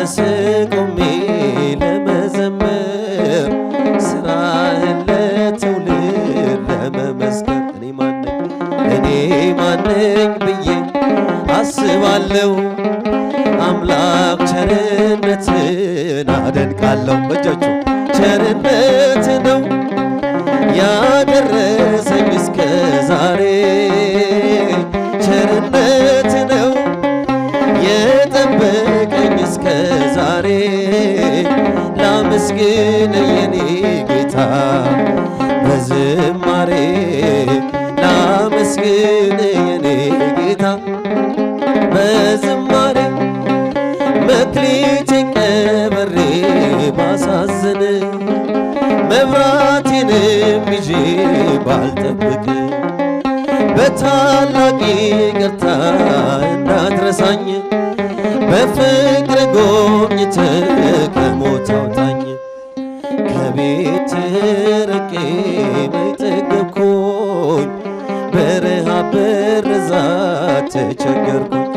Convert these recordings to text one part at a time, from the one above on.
ድረስ ቆሜ ለመዘመር ስራህን ለትውልድ ለመመስከር እኔ ማነኝ እኔ ማነኝ ብዬ አስባለሁ። አምላክ ቸርነትን አደንቃለሁ። በእጃችሁ ቸርነት ነው ያደረ ላመስግን የኔ ጌታ በዝማሬ ላመስግን የኔ ጌታ በዝማሬ መክሊቴ ቀብሬ ባሳዝን መብራቴንም ይዤ ባልጠብቅ በታላቅ ይቅርታ እንዳትረሳኝ ከቤት ርቄ በጠገብኩኝ በረሃ በርዛ ተቸገርኩኝ።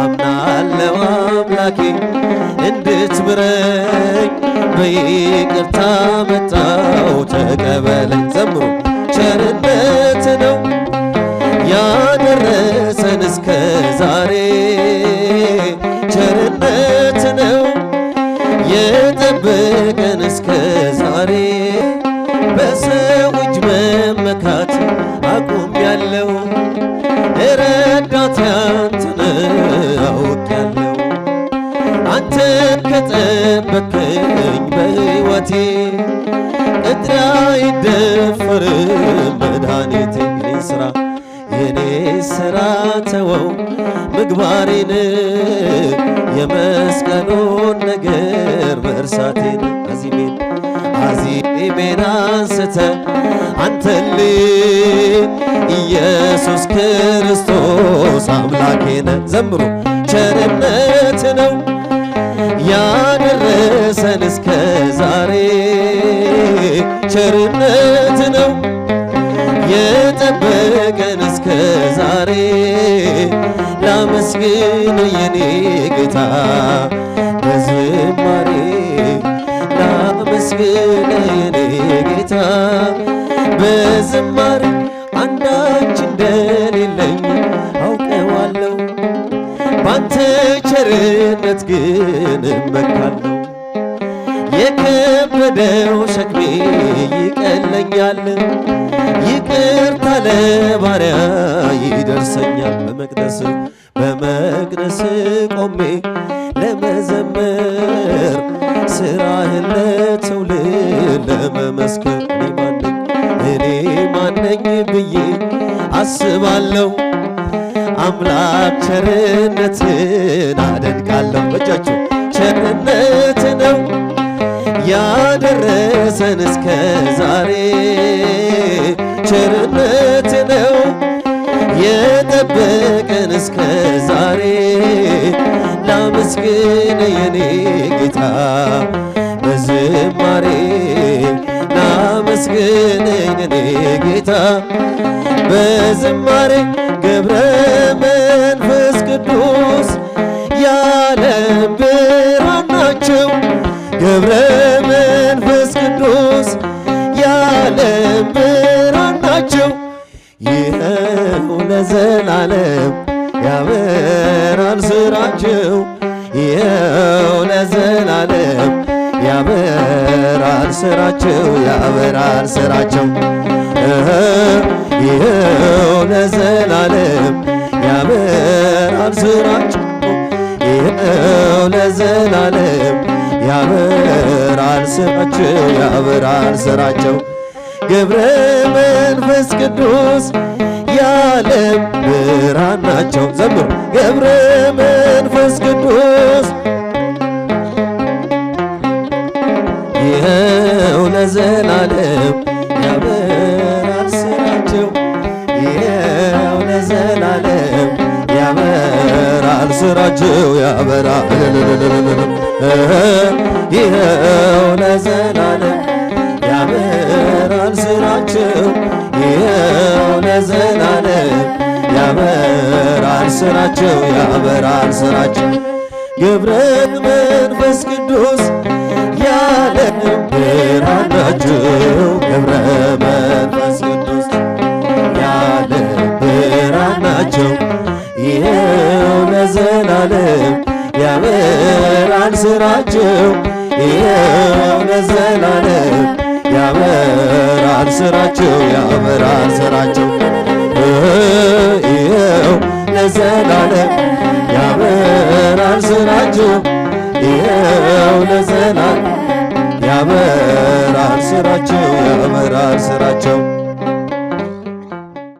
አምናለው አምናለው አምላኬ እንድትምረኝ በይቅርታ መጣው ተቀበለኝ። ዘምሩ ቸርነት ነው ያደረሰን እስከ በሰው እጅ መመካት አቁም ያለው እረዳት ያንተን አውቅ ያለው አንተን ከጠበከኝ በሕይወቴ እድራ ይደፈር መድኃኒቴ የኔ ስራ የኔ ስራ ተወው ምግባሬን የመስቀሉን ነገር መርሳቴን አዚሜን ጢሜን አንስተ አንተን ኢየሱስ ክርስቶስ አምላኬነ ዘምሩ ቸርነት ነው ያደረሰን እስከ ዛሬ ቸርነት ነው የጠበቀን እስከ ዛሬ ላመስግን የኔ ጌታ በዝማሬ ላመስግን ዝማሬ አንዳች እንደሌለኝ አውቀዋለሁ። ባንተ ቸርነት ግን እመካለሁ። የከበደው ሸክሜ ይቀለኛል። ይቅርታ ለባሪያ ይደርሰኛል። በመቅደስ በመቅደስ ቆሜ ለመዘመር ስራህን ለትውልድ ለመመስከር አስባለሁ። አምላክ ቸርነትን አደንቃለሁ። በእጃችሁ ቸርነት ነው ያደረሰን እስከ ዛሬ ዝማሬ ገብረ መንፈስ ቅዱስ ያለም ብርሃን ናቸው። ገብረ መንፈስ ቅዱስ ያለም ብርሃን ናቸው። ይኸው ለዘላለም ያበራል ስራቸው። ይኸው ለዘላለም ያበራል ስራቸው። ያበራል ስራቸው ይኸው ለዘላለም ያበራል ስራቸው ይኸው ለዘላለም ያበራል ስራቸው ያበራል ስራቸው ገብረ መንፈስ ቅዱስ ያለም ያበራ ይኸው ለዘላለም ያበራል ስራቸው ይኸው ለዘላለም ያበራል ስራቸው ያበራል ስራቸው ገብረን መንፈስ ቅዱስ ያለ ብራናቸው ገብረ ስራቸው የሆነ ዘላለም ያበራል ስራቸው ያበራል ስራቸው ይኸው ለዘላለም ያበራል ስራቸው ይኸው ለዘላለም ያበራል ስራቸው ያበራል ስራቸው